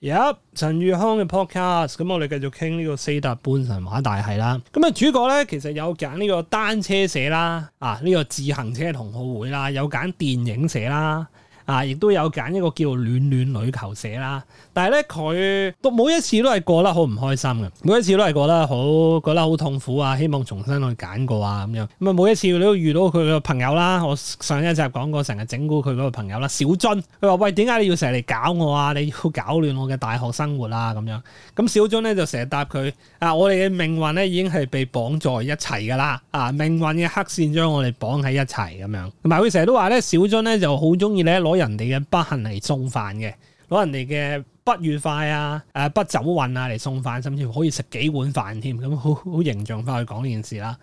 有陳宇康嘅 podcast，咁我哋繼續傾呢個四大半神話大系啦。咁啊主角咧，其實有揀呢個單車社啦，啊呢個自行車同好會啦，有揀電影社啦。啊！亦都有揀一個叫暖暖女球社啦，但係咧佢都每一次都係過得好唔開心嘅，每一次都係過得好，覺得好痛苦啊！希望重新去揀過啊咁樣。咁啊，每一次你都遇到佢嘅朋友啦。我上一集講過，成日整蠱佢嗰個朋友啦，小樽。佢話：喂，點解你要成日嚟搞我啊？你要搞亂我嘅大學生活啊？咁樣。咁小樽咧就成日答佢：啊，我哋嘅命運咧已經係被綁在一齊㗎啦！啊，命運嘅黑線將我哋綁喺一齊咁樣。同埋佢成日都話咧，小樽咧就好中意你攞。.攞人哋嘅不幸嚟送飯嘅，攞人哋嘅不愉快啊、誒、啊、不走運啊嚟送飯，甚至乎可以食幾碗飯添，咁好好形象化去講呢件事啦。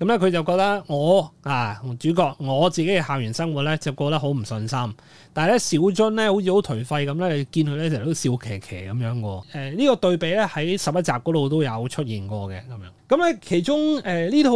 咁咧佢就覺得我啊，主角我自己嘅校園生活咧就過得好唔信心，但係咧小樽咧好似好頹廢咁咧，你見佢咧成日都笑騎騎咁樣喎。誒、呃、呢、呢個對比咧喺十一集嗰度都有出現過嘅咁樣。咁、嗯、咧其中誒呢、呃、套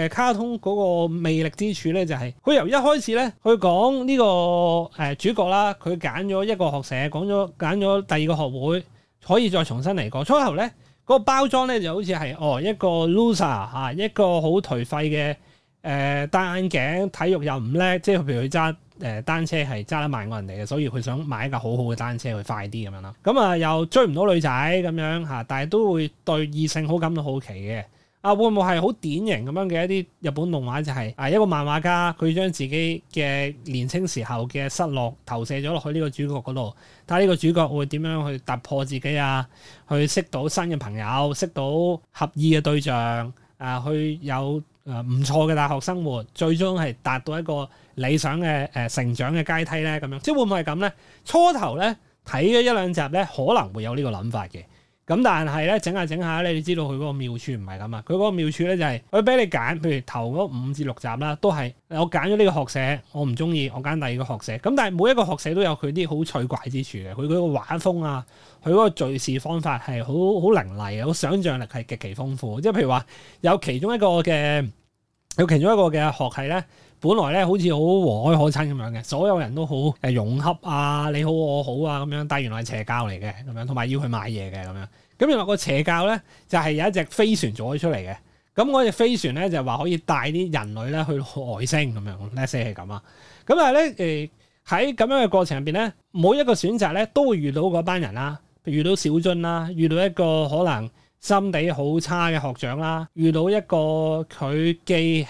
嘅卡通嗰個魅力之處咧就係、是、佢由一開始咧佢講呢、呢個誒、呃、主角啦，佢揀咗一個學社，講咗揀咗第二個學會，可以再重新嚟過。初頭咧。嗰個包裝咧就好似係哦一個 loser 嚇，一個好頹廢嘅誒戴眼鏡，體育又唔叻，即係譬如佢揸誒單車係揸得慢過人哋嘅，所以佢想買一架好好嘅單車去快啲咁樣啦。咁啊又追唔到女仔咁樣嚇，但係都會對異性好感都好奇嘅。啊，會唔會係好典型咁樣嘅一啲日本動畫，就係、是、啊一個漫畫家，佢將自己嘅年青時候嘅失落投射咗落去呢個主角嗰度。睇下呢個主角會點樣去突破自己啊？去識到新嘅朋友，識到合意嘅對象，啊，去有啊唔錯嘅大學生活，最終係達到一個理想嘅誒、呃、成長嘅階梯咧。咁樣，即係會唔會係咁咧？初頭咧睇咗一兩集咧，可能會有呢個諗法嘅。咁但係咧，整下整下咧，你知道佢嗰個妙處唔係咁啊！佢嗰個妙處咧就係佢俾你揀，譬如頭嗰五至六集啦，都係我揀咗呢個學社，我唔中意，我揀第二個學社。咁但係每一個學社都有佢啲好趣怪之處嘅，佢嗰個畫風啊，佢嗰個敘事方法係好好凌厲，好想像力係極其豐富。即係譬如話有其中一個嘅有其中一個嘅學系咧。本來咧好似好和藹可親咁樣嘅，所有人都好誒融洽啊，你好我好啊咁樣，但原來係邪教嚟嘅咁樣，同埋要去買嘢嘅咁樣。咁原來個邪教咧就係有一隻飛船做咗出嚟嘅。咁我隻飛船咧就話可以帶啲人類咧去外星咁樣，net say 係咁啊。咁但係咧誒喺咁樣嘅過程入邊咧，每一個選擇咧都會遇到嗰班人啦，遇到小俊啦，遇到一個可能心地好差嘅學長啦，遇到一個佢既。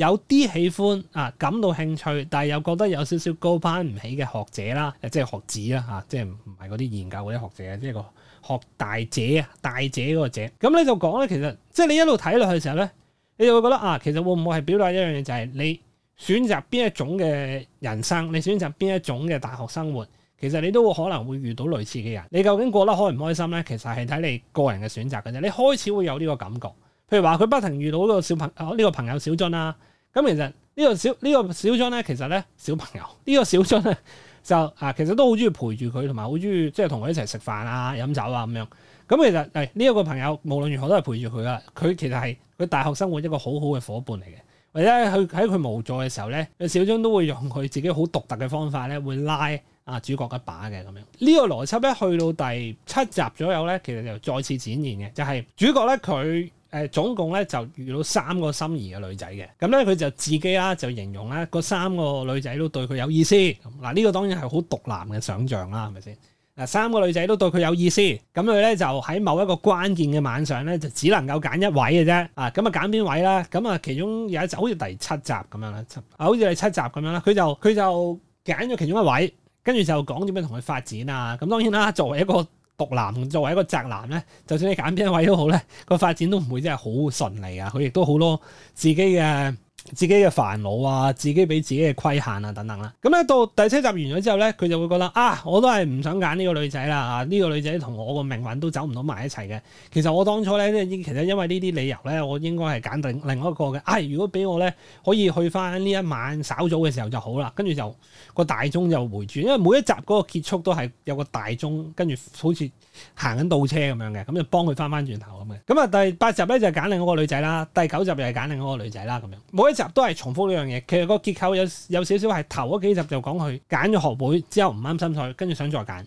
有啲喜歡啊，感到興趣，但係又覺得有少少高攀唔起嘅學者啦，即係學子啦嚇，即係唔係嗰啲研究嗰啲學者，學啊、即係個學、啊、學大姐啊，大姐嗰個姐。咁、嗯、你就講咧，其實即係你一路睇落去嘅時候咧，你就會覺得啊，其實會唔會係表達一樣嘢，就係、是、你選擇邊一種嘅人生，你選擇邊一種嘅大學生活，其實你都會可能會遇到類似嘅人。你究竟過得開唔開心咧？其實係睇你個人嘅選擇嘅啫。你開始會有呢個感覺，譬如話佢不停遇到呢個小朋呢、這個朋友小俊啊。咁其，、這個、其實呢個小呢個小張咧，其實咧小朋友呢、這個小張咧就啊，其實都好中意陪住佢，同埋好中意即係同佢一齊食飯啊、飲酒啊咁樣。咁其實誒呢一個朋友無論如何都係陪住佢啦。佢其實係佢大學生活一個好好嘅伙伴嚟嘅，或者佢喺佢無助嘅時候咧，小張都會用佢自己好獨特嘅方法咧，會拉啊主角一把嘅咁樣。這個、邏輯呢個邏輯咧去到第七集左右咧，其實就再次展現嘅，就係、是、主角咧佢。誒總共咧就遇到三個心儀嘅女仔嘅，咁咧佢就自己啦就形容咧嗰三個女仔都對佢有意思。嗱、這、呢個當然係好獨男嘅想象啦，係咪先？嗱三個女仔都對佢有意思，咁佢咧就喺某一個關鍵嘅晚上咧就只能夠揀一位嘅啫。啊咁啊揀邊位呢？咁啊其中有一集好似第七集咁樣啦，啊好似第七集咁樣啦，佢就佢就揀咗其中一位，跟住就講點樣同佢發展啊？咁當然啦，作為一個。毒男作為一個宅男咧，就算你揀邊一位都好咧，個發展都唔會真係好順利啊！佢亦都好多自己嘅。自己嘅煩惱啊，自己俾自己嘅規限啊，等等啦。咁咧到第七集完咗之後咧，佢就會覺得啊，我都係唔想揀呢個女仔啦，啊、這、呢個女仔同我個命運都走唔到埋一齊嘅。其實我當初咧，即其實因為呢啲理由咧，我應該係揀另另一個嘅。啊，如果俾我咧可以去翻呢一晚稍早嘅時候就好啦，跟住就、嗰個大鐘就回轉，因為每一集嗰個結束都係有個大鐘，跟住好似行緊倒車咁樣嘅，咁就幫佢翻翻轉頭咁嘅。咁啊第八集咧就揀、係、另一個女仔啦，第九集又係揀另一個女仔啦，咁樣每一，都係重複呢樣嘢，其實個結構有有少少係，頭嗰幾集就講佢揀咗學妹之後唔啱心水，跟住想再揀，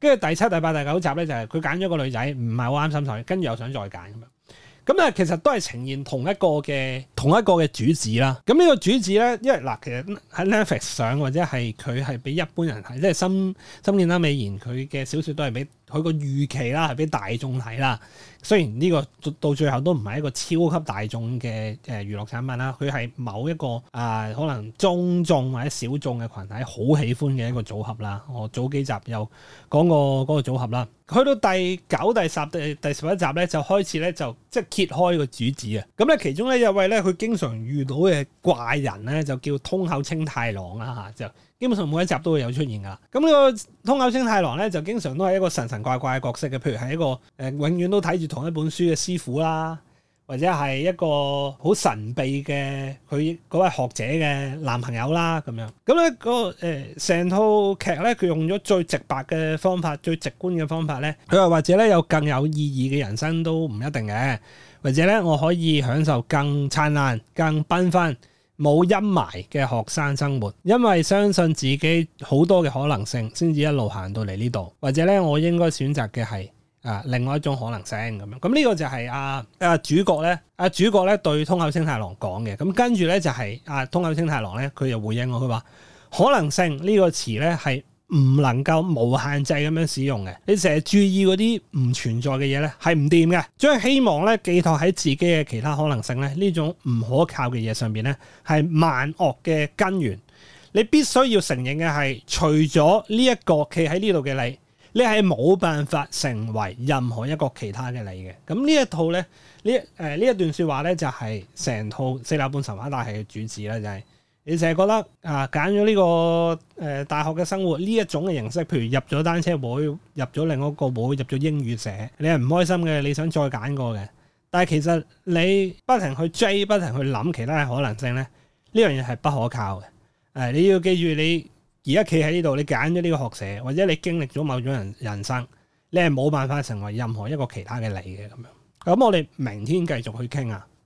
跟住第七、第八、第九集咧就係佢揀咗個女仔唔係好啱心水，跟住又想再揀咁樣，咁咧其實都係呈現同一個嘅同一個嘅主旨啦。咁、這、呢個主旨咧，因為嗱，其實喺 Netflix 上或者係佢係畀一般人係即係森見登美彥佢嘅小說都係畀。佢個預期啦，係俾大眾睇啦。雖然呢個到最後都唔係一個超級大眾嘅誒娛樂產品啦，佢係某一個啊、呃、可能中眾或者小眾嘅群體好喜歡嘅一個組合啦。我早幾集又講過嗰個組合啦。去到第九、第十、第十一集咧，就開始咧就即係揭開個主旨啊。咁咧其中咧一位咧，佢經常遇到嘅怪人咧，就叫通口清太郎啦嚇就。基本上每一集都會有出現噶啦，咁、這、呢個通口星太郎咧就經常都係一個神神怪怪嘅角色嘅，譬如係一個誒、呃、永遠都睇住同一本書嘅師傅啦，或者係一個好神秘嘅佢嗰位學者嘅男朋友啦咁樣。咁咧嗰個成、呃、套劇咧，佢用咗最直白嘅方法、最直觀嘅方法咧，佢又或者咧有更有意義嘅人生都唔一定嘅，或者咧我可以享受更燦爛、更繽紛。冇陰霾嘅學生生活，因為相信自己好多嘅可能性，先至一路行到嚟呢度。或者咧，我應該選擇嘅係啊，另外一種可能性咁樣。咁、嗯、呢、呢個就係、是、啊啊主角咧，啊主角咧對通口星太郎講嘅。咁、嗯、跟住咧就係、是、啊通口星太郎咧，佢又回應我，佢話可能性個詞呢個詞咧係，唔能夠無限制咁樣使用嘅，你成日注意嗰啲唔存在嘅嘢咧，係唔掂嘅。將希望咧寄託喺自己嘅其他可能性咧，呢種唔可靠嘅嘢上邊咧，係萬惡嘅根源。你必須要承認嘅係，除咗呢一個企喺呢度嘅你，你係冇辦法成為任何一個其他嘅你嘅。咁呢一套咧，呢誒呢一段說話咧，就係成套四樓半神話大戲嘅主旨啦，就係、是。你成日覺得啊，揀咗呢個誒、呃、大學嘅生活呢一種嘅形式，譬如入咗單車會、入咗另一個會、入咗英語社，你係唔開心嘅，你想再揀過嘅。但係其實你不停去追、不停去諗其他嘅可能性咧，呢樣嘢係不可靠嘅。誒、啊，你要記住你在在，你而家企喺呢度，你揀咗呢個學社，或者你經歷咗某種人人生，你係冇辦法成為任何一個其他嘅你嘅咁樣。咁我哋明天繼續去傾啊。